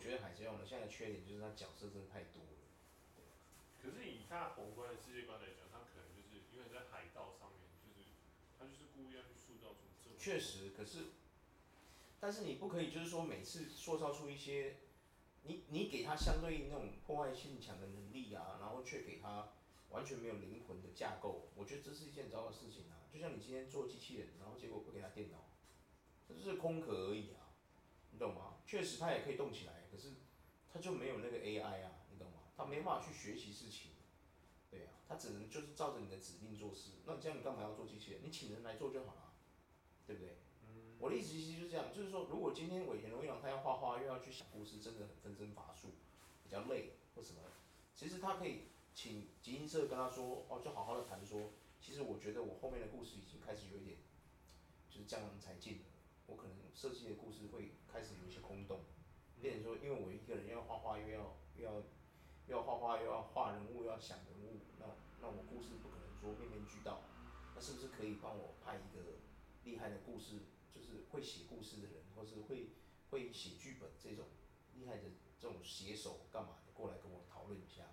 我覺得《海賊王》的現在的缺點就是它角色真的太多了。可是以他宏觀的世界觀來講，他可能就是因為在海盜上面，就是他就是故意要去塑造出這種。確實，可是，但是你不可以就是說每次塑造出一些你，你你給他相對應那種破壞性強的能力啊，然後卻給他完全沒有靈魂的架構，我覺得這是一件糟糕的事情啊。就像你今天做機器人，然後結果不給他電腦，這是空殼而已啊，你懂嗎？確實，它也可以動起來。可是，他就沒有那個 AI 啊，你懂嗎？他沒辦法去學習事情，對啊，他只能就是照着你的指令做事。那這樣你幹嘛要做機器人？你請人來做就好了，啊，對不對？嗯、我的意思其實就是這樣，就是說，如果今天尾田龍一郎他要畫畫，又要去想故事，真的很分身乏術，比較累或什麼。其實他可以請集英社跟他說，哦，就好好的談說，其實我覺得我後面的故事已經開始有一點，就是江郎才盡了，我可能設計的故事會開始有一些空洞。嗯別人說，因為我一個人要畫畫，又要又要又要畫畫，又要畫人物，又要想人物，那那我故事不可能說面面俱到，那是不是可以幫我拍一個厲害的故事？就是會寫故事的人，或是會會寫劇本這種厲害的這種寫手幹嘛的過來跟我討論一下？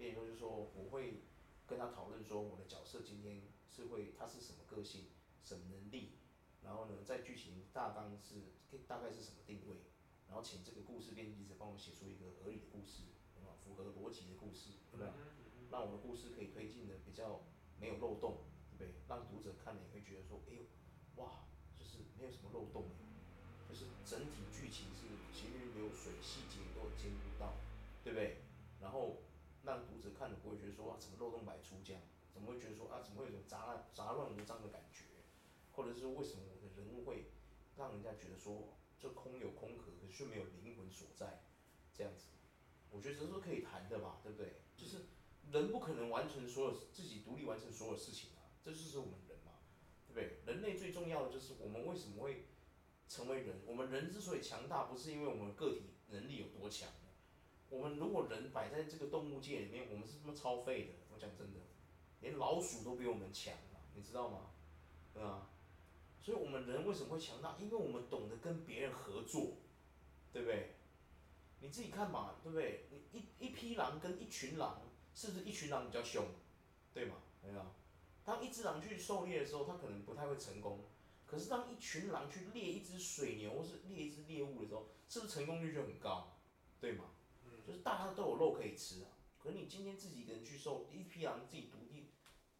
別人說就是說我會跟他討論說我的角色今天是會他是什麼個性，什麼能力，然後呢在劇情大綱是大概是什麼定位？然後請這個故事編輯者幫我寫出一個合理的故事，符合邏輯的故事，對吧？讓我的故事可以推進的比較沒有漏洞，對不對？讓讀者看了也會覺得說，哎呦，哇，就是沒有什麼漏洞，就是整體劇情是行雲流水，細節都有兼顧到，對不對？然後讓讀者看了不會覺得說，啊，怎麼漏洞百出這樣，怎麼會覺得說，啊，怎麼會有雜亂雜亂無章的感覺？或者是說為什麼我的人物會讓人家覺得說？就空有空殼，可是卻沒有靈魂所在，這樣子，我覺得都是可以談的吧？對不對？就是人不可能完成所有自己獨立完成所有事情啊，這就是我們人嘛，對不對？人類最重要的就是我們為什麼會成為人？我們人之所以強大，不是因為我們個體能力有多強，我們如果人擺在這個動物界裡面，我們是這麼超廢的。我講真的，連老鼠都比我們強，你知道嗎？對吧、啊。所以我們人為什麼會強大？因為我們懂得跟別人合作，對不對？你自己看嘛，對不對？你一一匹狼跟一群狼，是不是一群狼比較兇，對嗎？沒有，當一隻狼去狩獵的時候，它可能不太會成功。可是當一群狼去獵一隻水牛或是獵一隻獵物的時候，是不是成功率就很高？對嗎？嗯，就是大家都有肉可以吃啊。可是你今天自己一個人去狩，一匹狼自己獨。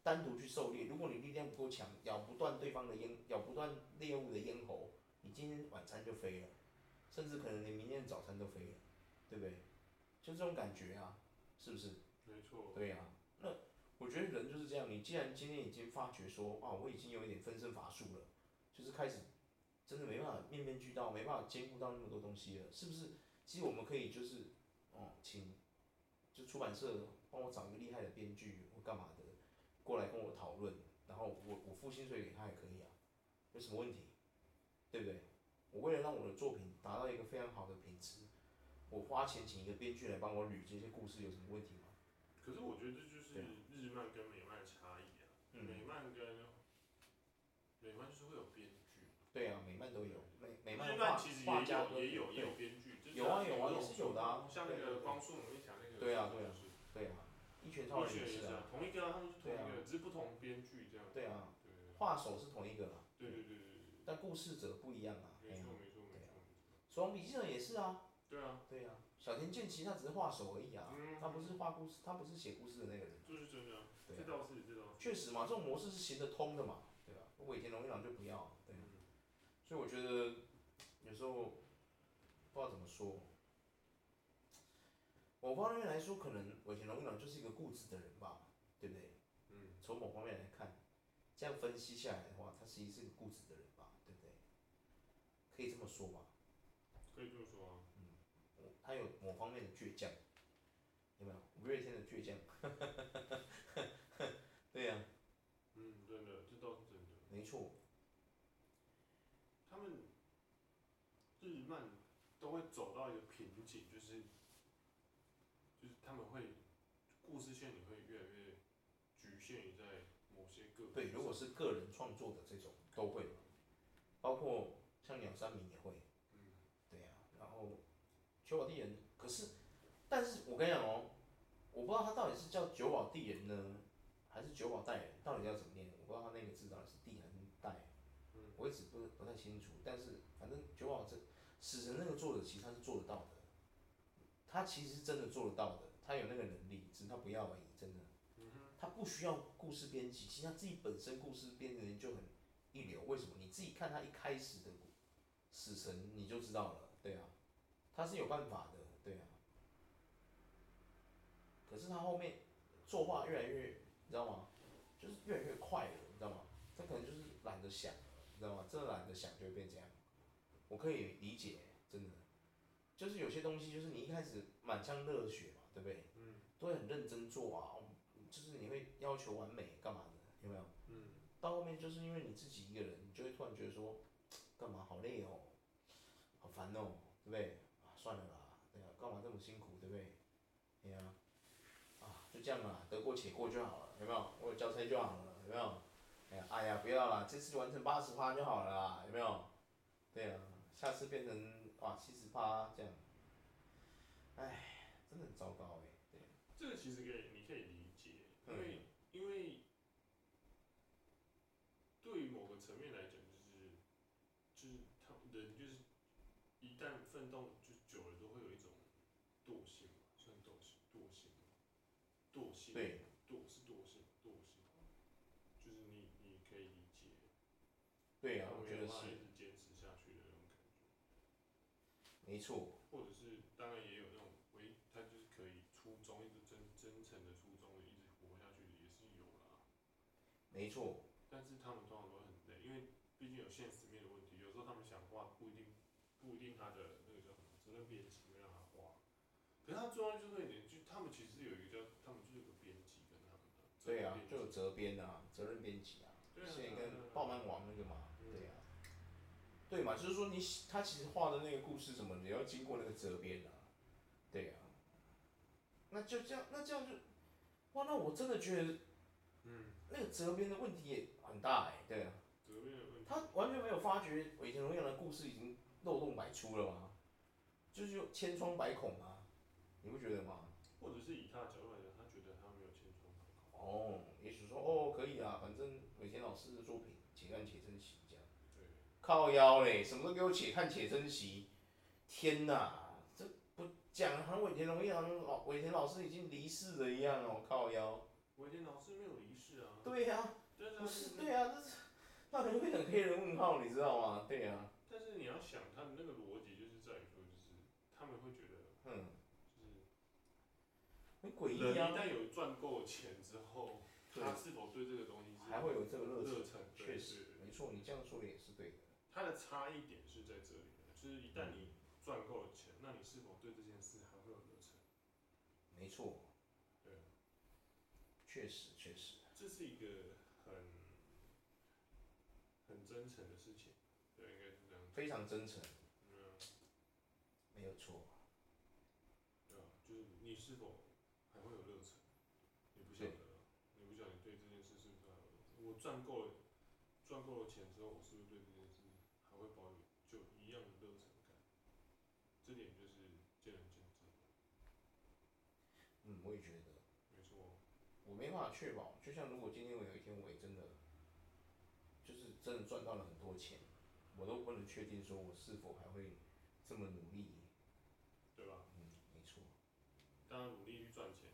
單獨去狩獵，如果你力量不夠強，咬不斷對方的咽，咬不斷獵物的咽喉，你今天晚餐就飛了，甚至可能你明天早餐都飛了，對不對？就這種感覺啊，是不是？沒錯。對啊，那我覺得人就是這樣，你既然今天已經發覺說啊，我已經有一點分身乏術了，就是開始真的沒辦法面面俱到，沒辦法兼顧到那麼多東西了，是不是？其實我們可以就是哦、嗯，請就出版社幫我找一個厲害的編劇，或幹嘛。過來跟我討論，然後我我付薪水給他也可以啊，有什麼問題？對不對？我為了讓我的作品達到一個非常好的品質，我花錢請一個編劇來幫我捋這些故事，有什麼問題嗎？可是我覺得這就是日漫跟美漫的差異啊，嗯、美漫跟美漫就是會有編劇。對啊，美漫都有美漫畫畫家也有也有編劇、啊，有啊有啊也、啊啊、是有的、啊，像那個光速蒙面俠那個對、啊。對啊對啊。對啊確實是啊，同一個啊，對啊，只是不同編劇這樣對啊。對。畫手是同一個嘛、啊？對對對對對。但故事者不一樣啊。對。沒錯沒錯沒錯，對啊。《死亡筆記》呢也是啊。對啊。對呀，小畑健其實他只是畫手而已啊，他不是畫故事，他不是寫故事的那個人。就是就是啊。對。確實嘛，這種模式是行得通的嘛，對吧、啊？尾田龍一郎就不要、啊。對、啊。所以我覺得有時候不知道怎麼說。某方面來說，可能我韋天龍隊長就是一個固執的人吧，對不對？嗯。從某方面來看，這樣分析下來的話，他其實是一個固執的人吧，對不對？可以這麼說吧。可以這麼說啊。嗯，他有某方面的倔強，有沒有？五月天的倔強。 對呀、啊。嗯，對的，這都是真的。沒錯。他們日漫都會走到一個瓶頸，就是。對，如果是個人創作的這種都會，包括像鳥山明也會，嗯，對啊，然後久保帝人，可是，但是我跟你講哦、喔，我不知道他到底是叫久保帝人呢，還是久保代人，到底叫怎麼念呢？我不知道他那個字到底是帝還是代人，我一直不不太清楚。但是反正久保這死神那個作者，其實他是做得到的，他其實是真的做得到的，他有那個能力，只是他不要而已，真的。他不需要故事編輯，其實他自己本身故事編輯就很一流。為什麼？你自己看他一開始的《死神》，你就知道了。對啊，他是有辦法的。對啊。可是他後面作畫越來越，你知道嗎？就是越來越快了，你知道嗎？他可能就是懶得想了，你知道嗎？真的懶得想就會變這樣。我可以理解，真的。就是有些東西，就是你一開始滿腔熱血嘛，對不對？嗯。都會很認真做啊。就是你會要求完美，幹嘛的？有沒有？嗯。到後面就是因為你自己一個人，你就會突然覺得說，幹嘛好累哦，好煩哦，對不對？啊，算了啦，對呀、啊，幹嘛這麼辛苦，對不對？對呀、啊，啊，就這樣啊，得過且過就好了，有沒有？我有交差就好了，有沒有？哎呀、啊，哎、啊、呀，不要啦，這次就完成八十趴就好了啦，有沒有？對呀、啊，下次變成哇七十趴這樣，哎，真的很糟糕哎、欸，對、啊。這個其實可以。因為，因為，對於某個層面來講，就是，就是，他，人就是，一旦奮鬥就久了，都會有一種惰性嘛，算惰、惰性，惰性，惰性。對。惰是惰性、惰性，惰性，就是你，你可以理解。對啊，他我覺得是。後面是堅持下去的那種感覺。沒錯。沒錯，但是他們通常都很累，因為畢竟有現實面的問題。有時候他們想畫，不一定，不一定他的那個叫什麼責任編輯會讓他畫。可是他重要就是那一點，就他們其實有一個叫他們就是個編輯跟他們的。對啊，就有責編啊，責任編輯啊。對啊。現在跟爆漫王那個嘛，對、啊對啊對啊，對啊，對嘛，就是說你他其實畫的那個故事什麼，也要經過那個責編啊。對啊。那就這樣，那這樣就，哇，那我真的覺得，嗯。那個責編的問題也很大哎、欸，對啊，他完全沒有發覺尾田榮一郎的故事已經漏洞百出了嗎？就是有千瘡百孔啊，你不覺得嗎？或者是以他的角度來講，他覺得他沒有千瘡百孔。哦，也許說哦可以啊，反正尾田老師的作品且看且珍惜這樣。對，靠腰嘞，什麼都給我且看且珍惜。天哪，這不講和尾田榮一郎，尾田老師已經離世了一樣哦、喔，靠腰。我以前老是沒有儀式啊。對呀、啊，不是對呀、啊，那是那肯定會等黑人問號，你知道嗎？對呀、啊。但是你要想他的那個邏輯就是在於說，就是、嗯、他們會覺得，嗯，就是很詭異啊。一旦有賺夠錢之後，錢之後，他是否對這個東西個還會有這個熱熱忱？確實，沒錯，你這樣說的也是對的。他的差異點是在這裡，就是一旦你賺夠錢、嗯，那你是否對這件事還會有熱忱？沒錯。確實，確實，這是一個很很真誠的事情，對啊，應該是這樣。非常真誠，啊，沒有錯。對啊，就是你是否還會有熱忱？你不曉得，你不曉得你對這件事是不是還有？我賺夠了，賺夠了錢之後，我是不是對這件事還會保有就一樣的熱忱感？這點就是見仁見智。嗯，我也覺得。我沒辦法確保，就像如果今天我有一天，我也真的，就是真的賺到了很多錢，我都不能確定說我是否還會這麼努力，對吧？嗯，沒錯。當然努力去賺錢。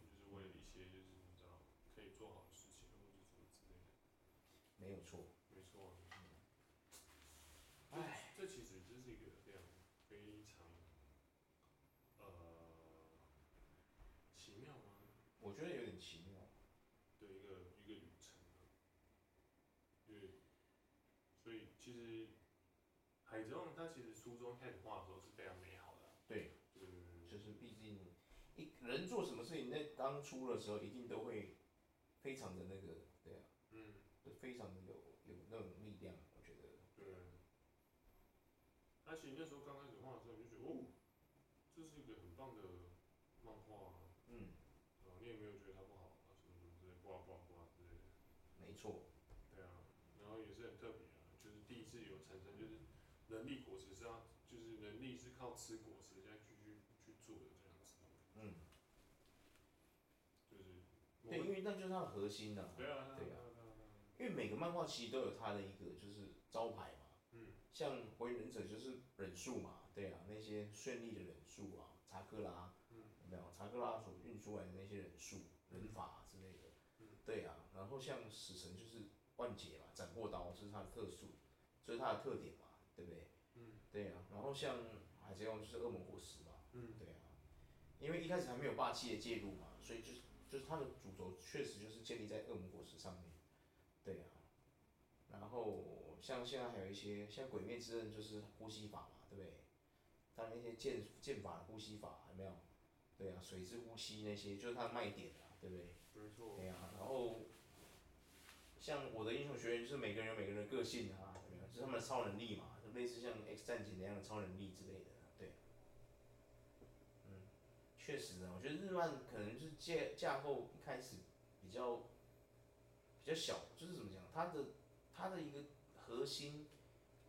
海賊王他其實初中開始畫的時候是非常美好的。啊對。對，嗯，就是畢竟一人做什麼事情那，在當初的時候一定都會非常的那個，對啊，嗯，非常的有有那種力量，我覺得。對。嗯、但是那時候剛開始畫的時候就覺得，哦，這是一個很棒的。要吃果實 service,，再繼續去做，這樣子。嗯對。對，因為那就是它的核心吶。對啊。對啊。因為每個漫畫其實都有它的一個就是招牌嘛。嗯。像火影忍者就是忍術嘛，對啊，那些絢麗的忍術啊，查克拉。嗯、um.。你查克拉所運出來的那些忍術、忍、um. 法之類的。對啊，然後像死神就是卍解嘛，斬魄刀是它的特殊，這是它的特點嘛，對不對？嗯。對啊，然後像、um.。這樣就是惡魔果實嘛，嗯，對啊，因為一開始還沒有霸氣的介入嘛，所以就是就是他的主軸確實就是建立在惡魔果實上面，對啊，然後像現在還有一些像鬼滅之刃就是呼吸法嘛，對不對？當然那些劍劍法呼吸法有沒有？對啊，水之呼吸那些就是他的賣點了，對不對？沒錯。對啊，然後像我的英雄學院就是每個人有每個人的個性啊，有沒有？就是他們的超能力嘛，就類似像 X 戰警那樣的超能力之類的。確實呢，我覺得日漫可能就是架構，一開始比較比較小，就是怎麼講，它的它的一個核心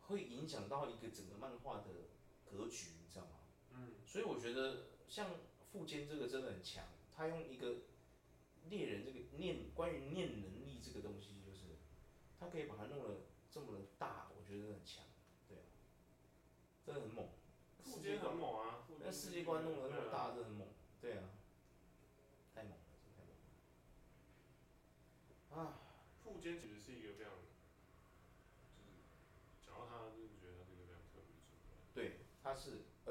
會影響到一個整個漫畫的格局，你知道嗎？嗯，所以我覺得像富堅這個真的很強，他用一個獵人這個念，關於念能力這個東西，就是他可以把它弄得這麼的大，我覺得很強，對、啊，真的很猛。富堅很猛啊，那世、啊、世界觀弄得那麼大，啊、這很猛。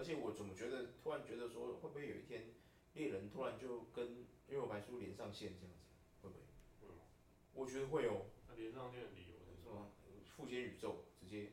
而且我總覺得，突然覺得說，會不會有一天，獵人突然就跟幽遊白書連上線這樣子，會不會？嗯、我覺得會有，他連上線的理由是吧？麼？富堅宇宙，直接。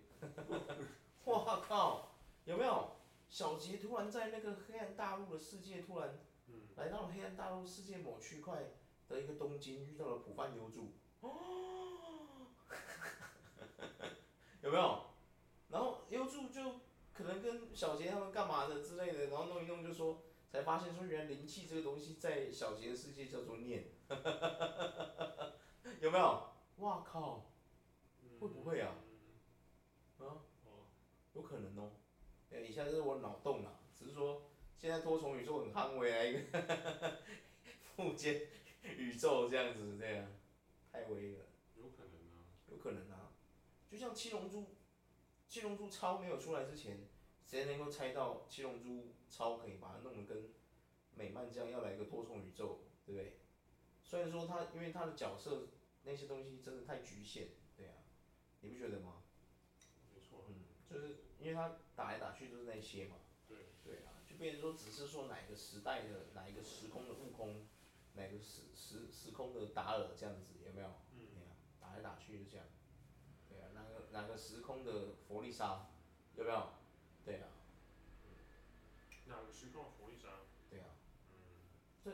我 靠！有沒有小傑突然在那個黑暗大陸的世界突然，嗯。來到了黑暗大陸世界某區塊的一個東京，遇到了浦飯幽助。哦。 有沒有？ 然後幽助就。可能跟小杰他們幹嘛的之類的，然後弄一弄就說，才發現說原來靈氣這個東西在小杰的世界叫做念， 有沒有？哇靠！嗯、會不會啊，嗯嗯、啊？啊？有可能哦，哎，以下是我腦洞啊，只是說現在多重宇宙很悍威啊一個，副 間宇宙這樣子這樣，太威了。有可能啊，有可能啊，就像七龍珠，七龍珠超沒有出來之前。誰能夠猜到七龍珠超可以把它弄得跟美漫這樣，要來一個多重宇宙，對不對？雖然說他因為它的角色那些東西真的太局限，對呀，你不覺得嗎？沒錯。嗯，就是因為它打來打去都是那些嘛。對。對啊，就變成說只是說哪個時代的哪一個時空的悟空，哪個時時時空的達爾這樣子，有沒有？嗯。對啊，打來打去就這樣。對啊，哪個哪個時空的佛利薩，有沒有？對呀，這對、啊、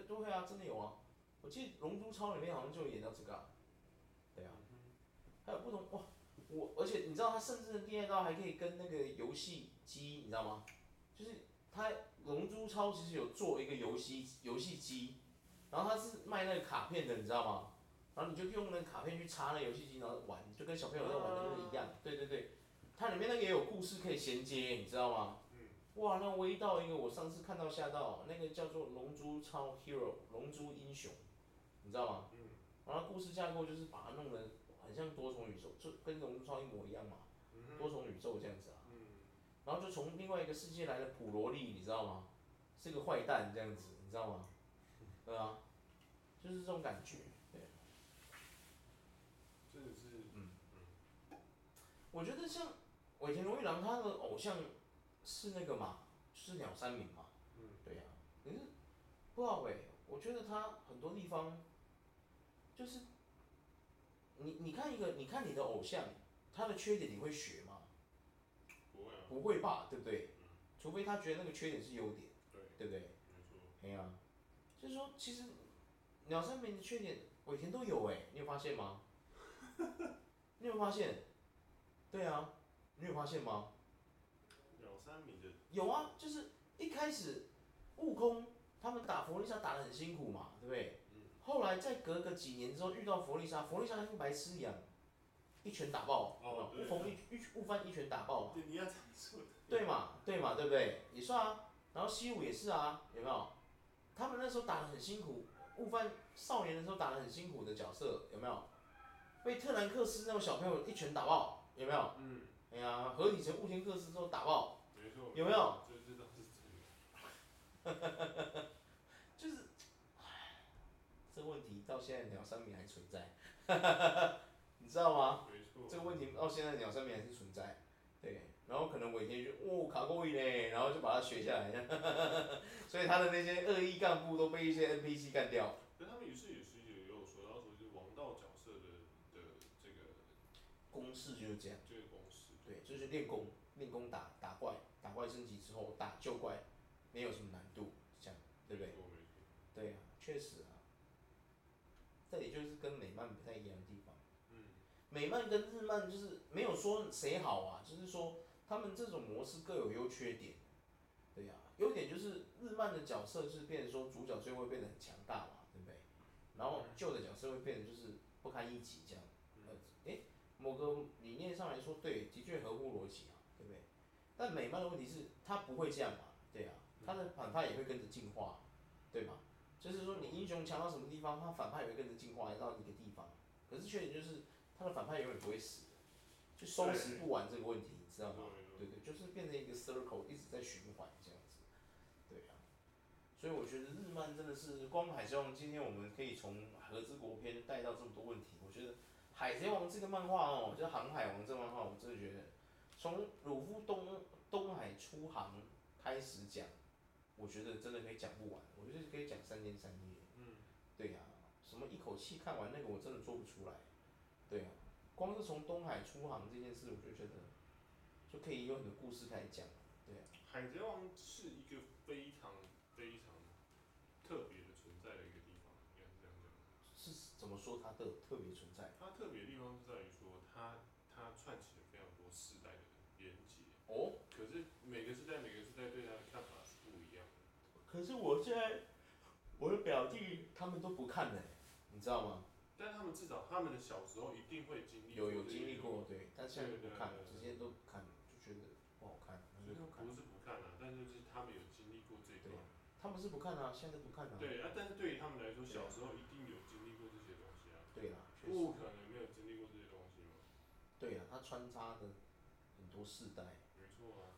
對，對啊，真的有啊，我記得《龍珠超》裡面好像就演到這個、啊，對呀、啊，還有不同哇，我而且你知道他甚至第二道還可以跟那個遊戲機，你知道嗎？就是他《龍珠超》其實有做一個遊戲遊戲機，然後他是賣那個卡片的，你知道嗎？然後你就用那個卡片去插那遊戲機，然後玩，就跟小朋友在玩的那個一樣。呃、對對對，它裡面那個也有故事可以銜接，你知道嗎？哇，那微道，因為我上次看到嚇到，那個叫做《龍珠超》Hero，《龍珠英雄》，你知道嗎？然後故事架構就是把它弄得很像多重宇宙，就跟《龍珠超》一模一樣嘛，多重宇宙這樣子啊。然後就從另外一個世界來的普羅利，你知道嗎？是個壞蛋這樣子，你知道嗎？對啊。就是這種感覺。對。就是。嗯嗯。我覺得像尾田榮一郎他的偶像。是那個嘛，就是鳥山明嘛，嗯、對呀、啊，可是，不好餵，我覺得他很多地方，就是，你你看一個，你看你的偶像，他的缺點你會學嗎？不會吧、啊，對不對、嗯？除非他覺得那個缺點是優點，對，對不對？沒錯。對呀、啊，所、就、以、是、說其實，鳥山明的缺點，尾田都有哎，你有發現嗎？ 你有發現？對呀、啊，你有發現嗎？有啊，就是一開始悟空他們打佛利薩打得很辛苦嘛，對不對？嗯。後來再隔個幾年之後遇到佛利薩，佛利薩跟白痴一樣，一拳打爆。哦。悟空一悟悟飯一拳打爆嘛，對你要闡述。對，對嘛，對嘛，對不對？也算啊。然後西武也是啊，有沒有？他們那時候打得很辛苦，悟飯少年的時候打得很辛苦的角色有沒有？被特蘭克斯那種小朋友一拳打爆有沒有？嗯。哎呀、啊，合體成悟天克斯之後打爆。有沒有？哈哈哈哈哈！就是，哎，這問題到現在鳥山明還存在，哈哈哈哈你知道嗎？這個問題到現在鳥山明還是存在，對。然後可能某一天就哦，卡過癮嘞，然後就把它學下來了，哈哈哈哈哈！所以他的那些惡意幹部都被一些 N P C 幹掉。對，他們也是，也是也有說，他說是王道角色的的這個。公式就是這樣。這個，就是公式。對，就是練功，練功打打怪。怪升級之後打舊怪沒有什麼難度，這樣對不對？對啊，確實啊。這也就是跟美漫不太一樣的地方。美漫跟日漫就是沒有說誰好啊，就是說他們這種模式各有優缺點。對呀，啊，優點就是日漫的角色是變成說主角就會變得很強大嘛，對不對？然後舊的角色會變得就是不堪一擊，這樣。嗯。哎，某個理念上來說，對，的確合乎邏輯啊。但美漫的問題是，他不會這樣嘛？對呀、啊，他的反派也會跟着進化，對嗎？就是說你英雄強到什麼地方，他反派也會跟着進化來到一個地方。可是缺點就是，他的反派永遠不會死，就收拾不完這個問題，你知道嗎？對對，就是變成一個 circle 一直在循環這樣子，對啊，所以我覺得日漫真的是《光海賊王》，今天我們可以從《和之國》篇帶到這麼多問題。我覺得《海賊王》這個漫畫哦，就是《航海王》這個漫畫，我真的覺得。從魯夫東東海出航開始講，我覺得真的可以講不完，我覺得可以講三天三夜。嗯，對呀、啊，什麼一口氣看完那個我真的做不出來。對啊，光是從東海出航這件事，我就覺得就可以有很多故事開始講。對啊，海賊王是一個非常非常特別的存在的一個地方，應該是這樣講。是怎麼說它的特別存在？它特別的地方是在於說他，它它串起了非常多時代的地方。哦，可是每個世代，每個世代對他的看法是不一樣的。可是我現在，我的表弟他們都不看嘞、欸。你知道嗎？但他們至少他們的小時候一定會經歷。有有經歷過，對，但現在不看了，對對對對，直接都不看了，就覺得不好看，所以不不是不看了、啊，但是就是他們有經歷過這個、啊啊啊。對，他們是不看了，現在不看了對啊，但是對於他們來說，小時候一定有經歷過這些東西啊。對啊，確實。不可能沒有經歷過這些東西嘛。對啊，他穿插的很多世代。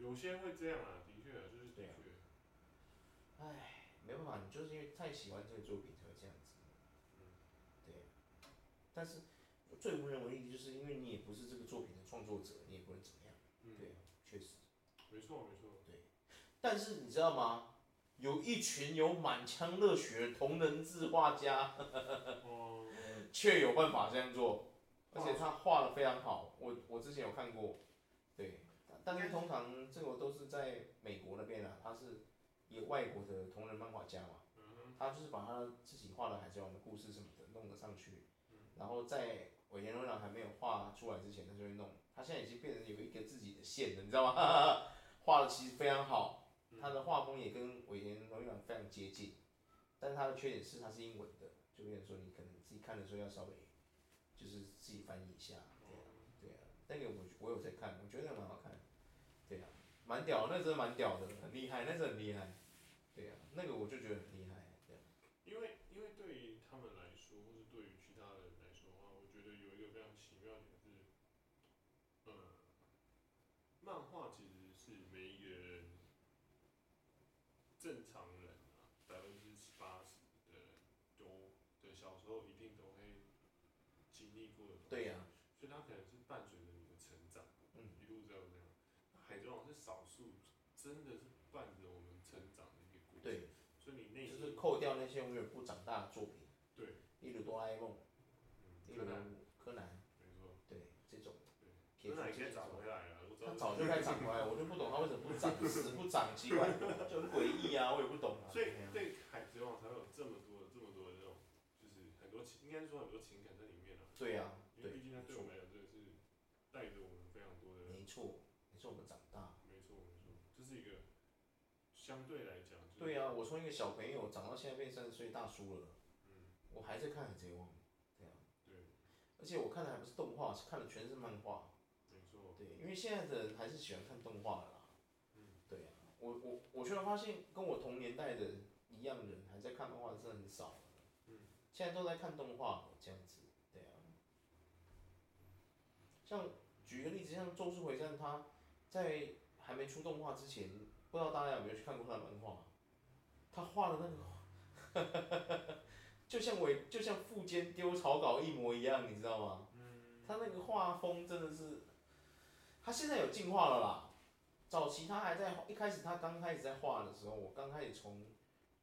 有些人會這樣啊，的確、啊、就是這樣。哎、啊，沒辦法，你就是因為太喜歡這個作品才會這樣子。嗯、對、啊。但是最無能為力的就是因為你也不是這個作品的創作者，你也不能怎麼樣。對、啊，確、嗯啊、實。沒錯，沒錯。對。但是你知道嗎？有一群有滿腔熱血的同人誌畫家，卻、嗯、有辦法這樣做，嗯、而且他畫的非常好。我我之前有看過，對。但是通常這個都是在美國那邊啊，他是一個外國的同人漫畫家嘛，他就是把他自己畫的海賊王的故事什麼的弄了上去，然後在尾田榮一郎還沒有畫出來之前，他就會弄，他現在已經變成有一個自己的線了，你知道嗎？畫 的其實非常好，他的畫風也跟尾田榮一郎非常接近，但他的缺點是他是英文的，就比如說你可能自己看的時候要稍微就是自己翻譯一下，對啊，對啊，那、嗯、個我我有在看，我覺得蠻好看。蠻屌的，那個、真的蠻屌的，很厲害，那真的、個、很厲害，對呀、啊，那個我就覺得很厲害。真的是伴着我們成長的一個故事，對。就是扣掉那些永遠不長大的作品，比如哆啦 A 夢，可能、嗯、柯南，柯南柯南對這種，他早就該長回來了，我就不懂他為什麼不長死，死 不長幾回，就很詭異啊，我也不懂、啊。所以、啊、對《海賊王》才會有這麼多、這麼多這種，就是很多情，應該說很多情感在裡面的、啊。對呀、啊。相對來講，對啊，我從一個小朋友長到現在變三十歲大叔了，嗯，我還是看海賊王，對呀，對啊，對，而且我看的還不是動畫，是看的全是漫畫，沒錯，對，因為現在的人還是喜歡看動畫的啦，嗯，對啊，我我我居然發現跟我同年代的一樣的人還在看漫畫是很少的，嗯，現在都在看動畫這樣子，對啊，像舉個例子，像《咒術回戰》，它在還沒出動畫之前。不知道大家有沒有去看過他的漫畫？他畫的那個，哈哈哈哈哈，就像尾，就像富堅丟草稿一模一樣，你知道嗎？嗯，他那個畫風真的是，他現在有進化了啦。早期他還在一開始他剛開始在畫的時候，我剛開始從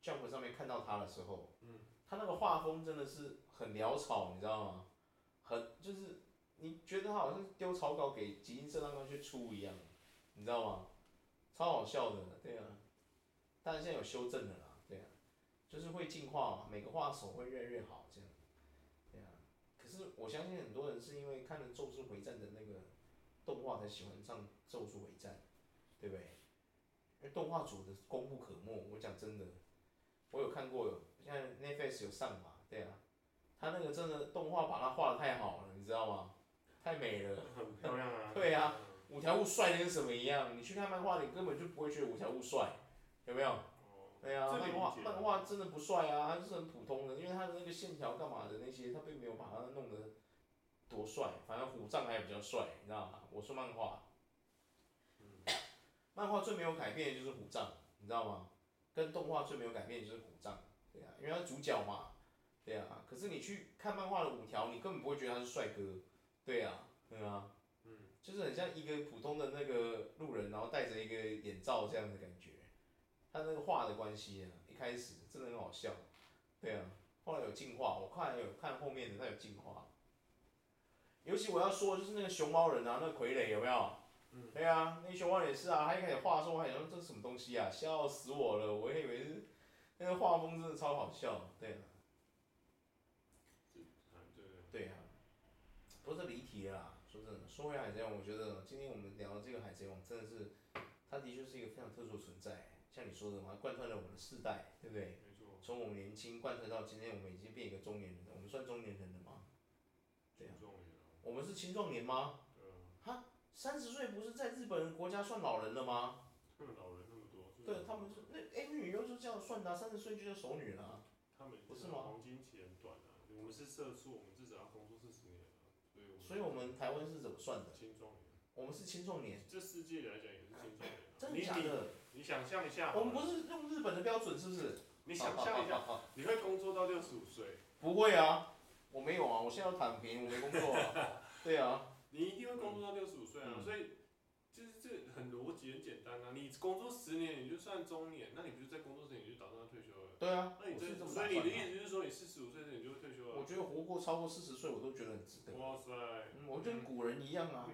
，jump 上面看到他的時候，他那個畫風真的是很潦草，你知道嗎？很就是你覺得他好像是丟草稿給集英社那邊去出一樣，你知道嗎？超好笑的，對啊，但是現在有修正的啦，對啊，就是會進化嘛，每個畫手會越來越好這樣，對啊。可是我相信很多人是因為看了《咒術迴戰》的那個動畫才喜歡上《咒術迴戰》，對不對？而動畫組的功不可沒。我講真的，我有看過有，像 Netflix 有上嘛，對啊，他那個真的動畫把他畫得太好了，你知道嗎？太美了， 很漂亮啊， 對啊。五條悟帥的跟什麼一樣？你去看漫畫，你根本就不會覺得五條悟帥，有沒有？嗯、對啊，啊漫畫漫畫真的不帥啊，他就是很普通的，因為他的那個線條幹嘛的那些，他並沒有把它弄得多帥。反正虎杖還比較帥，你知道嗎？我說漫畫、嗯，漫畫最沒有改變的就是虎杖，你知道嗎？跟動畫最沒有改變就是虎杖，對啊，因為他主角嘛，對啊。可是你去看漫畫的五條，你根本不會覺得他是帥哥，對啊，對啊。就是很像一個普通的那個路人，然後戴着一個眼罩這樣的感覺。他那個畫的關係啊，一開始真的很好笑。對啊，後來有進化，我看有看後面的他有進化。尤其我要說就是那個熊貓人啊，那傀儡有沒有？對啊，那個、熊貓也是啊，他一開始畫的時候，我還想說這是什麼東西啊，笑死我了！我還以為是那個畫風真的超好笑。對啊。對啊，不是離題了。說回海賊王，我覺得今天我們聊的這個海賊王，真的是，他的確是一個非常特殊的存在。像你說的嘛，貫穿了我們的世代，對不對？沒錯。從我們年輕貫穿到今天我們已經變一個中年人了，我們算中年人了嗎？對呀、啊。我們是青壯年嗎？哈、啊，三十歲不是在日本國家算老人了嗎？他們老人那麼多。對他們說，那 AV 又是叫算的、啊，三十歲就叫熟女了、啊。他們、啊、不是嗎？黃金期很短的，我們是色素。所以我們台灣是怎麼算的？青壯年，我們是青壯年，這世界來講也是青壯年、啊嗯，真的假的。你，你，你想象一下，我們不是用日本的標準是不是？你想象一下，好好好，你會工作到六十五歲？不會啊，我沒有啊，我現在要躺平，我沒工作啊。 對啊，你一定會工作到六十五歲啊、嗯，所以就是這很邏輯很簡單啊，你工作十年你就算中年，那你不就在工作十年你就打算退休了？對啊、欸我，所以你的意思就是說你四十五歲你就會退休了我覺得活過超過四十歲，我都覺得很值得。哇塞！嗯、我就跟古人一樣啊，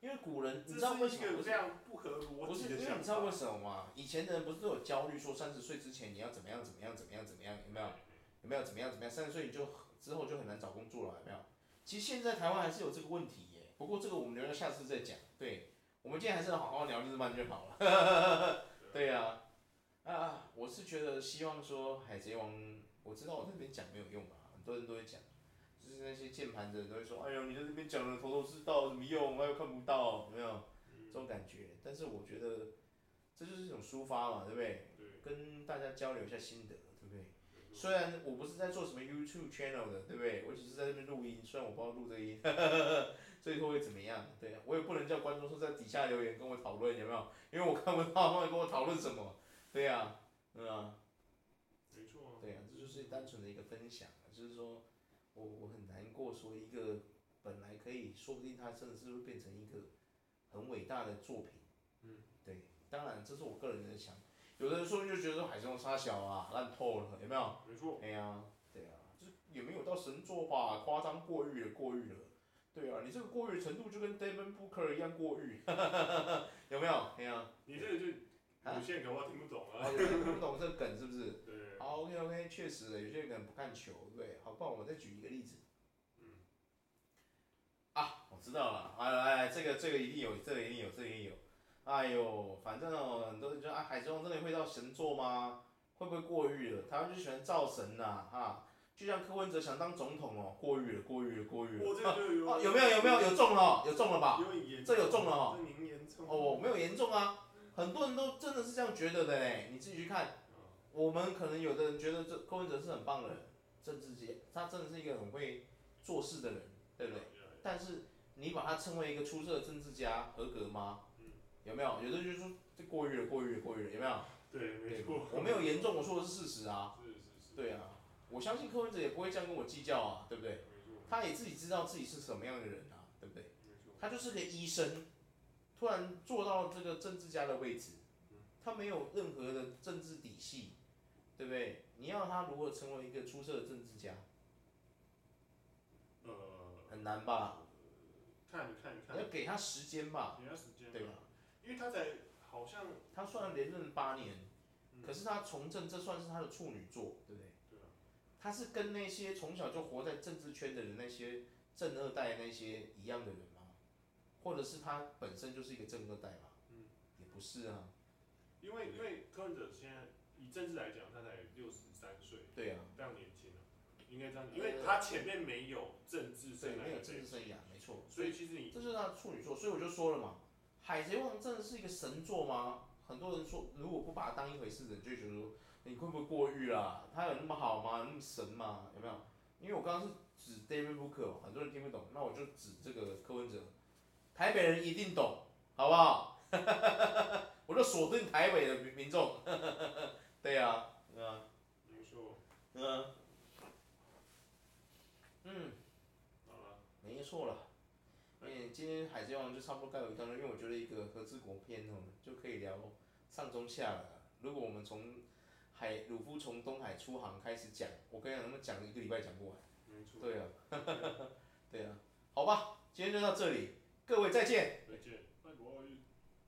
因為古人，你知道為什麼？我這樣不合邏輯的想法。不是，因為你知道為什麼嗎？以前的人不是都有焦慮，說三十歲之前你要怎麼樣怎麼樣怎麼樣怎麼樣，有沒有？有沒有怎麼樣怎麼樣？三十歲你就之後就很難找工作了，有沒有？其實現在台灣還是有這個問題耶、欸，不過這個我們留到下,下次再講。對，我們今天還是好,好好聊日漫、就是、就好了。 對呀、啊。啊，我是覺得希望說海賊王，我知道我這邊講沒有用嘛，很多人都會講，就是那些鍵盤的人都會說，哎呦，你在這邊講的頭頭是道，怎麼用？我又看不到，有沒有、嗯、這種感覺。但是我覺得這就是一種抒發嘛，對不對？對跟大家交流一下心得，對不對？對對對雖然我不是在做什麼 YouTube channel 的，對不對？我只是在這邊錄音，雖然我不知道錄的音，最 後會怎麼樣？對，我也不能叫觀眾說在底下留言跟我討論，有沒有？因為我看不到，他們跟我討論什麼？對呀、啊，嗯啊，沒錯啊。對呀、啊，這就是單純的一個分享、啊，就是說我我很難過，說一個本來可以說不定他甚至是會變成一個很偉大的作品，嗯，對，當然這是我個人的想法，有的人說就覺得《海賊王》三小啊，爛透了，有沒有？沒錯。哎呀、啊，對啊，就也沒有到神作吧、啊，誇張過譽了，過譽了。對啊，你這個過譽程度就跟 Devin Booker 一樣過譽， 有沒有？哎呀、啊，你這個就。有些梗我聽不懂啊，有些人不聽,不 聽不懂這個梗是不是？對。好、oh,，OK OK，確實，有些人可能不看球。好，不然我們再舉一個例子。嗯。啊，我知道了。哎、啊、哎，這個這個一定有，這個一定有，這個一定有。哎呦，反正都是說啊，海賊王真的會到神作嗎？會不會過譽了？台灣就喜歡造神吶、啊，啊，就像柯文哲想當總統哦，過譽了，過譽了，過譽了。我、哦、這個就有、啊。哦，有沒有有沒有有中了？有中了吧？有這有中了哈。哦，沒有嚴重啊。很多人都真的是這樣覺得的嘞，你自己去看。我們可能有的人覺得這柯文哲是很棒的人，政治家，他真的是一個很會做事的人，對不對？但是你把他稱為一個出色的政治家，合格嗎？有沒有？有的就是說這過譽了，過譽了，過譽了，有沒有？對，沒我沒有嚴重，我說的是事實啊。對啊，我相信柯文哲也不會這樣跟我計較啊，對不對？他也自己知道自己是什麼樣的人啊，對不對？他就是個醫生。突然坐到這個政治家的位置，他沒有任何的政治底細，對不對？你要他如何成為一個出色的政治家？嗯、很難吧？看你看你看。看你要給他時間吧。給他時間。對吧？因為他在好像他算連任八年，嗯，可是他從政這算是他的處女作，對不對？對、啊。他是跟那些從小就活在政治圈的人，那些政二代那些一樣的人。或者是他本身就是一個政二代吧？嗯，也不是啊。因為、嗯、因為柯文哲現在以政治來講，他才六十三歲，對啊，非常年輕啊，應該這樣講、嗯。因為他前面沒有政治生涯，生沒有政治生涯，沒錯。所以其實你這是他的處女作。所以我就說了嘛，《海賊王》真的是一個神作嗎？很多人說，如果不把它當一回事的人，你就覺得說你會不會過譽啦？他有那麼好嗎？那麼神嗎？有沒有？因為我剛剛是指 David Booker，很多人聽不懂，那我就指這個柯文哲。台北人一定懂，好不好？ 我就鎖定台北的民民眾， 對啊，嗯，沒錯嗯，嗯，好了，沒錯啦。嗯、欸，今天《海賊王》就差不多該有一段，因為我覺得一個和之國篇、嗯、就可以聊上中下了。如果我們從海魯夫從東海出航開始講，我跟你講，我們講一個禮拜講不完。沒錯、啊。對啊，對啊，好吧，今天就到這裡。各位再見。再見。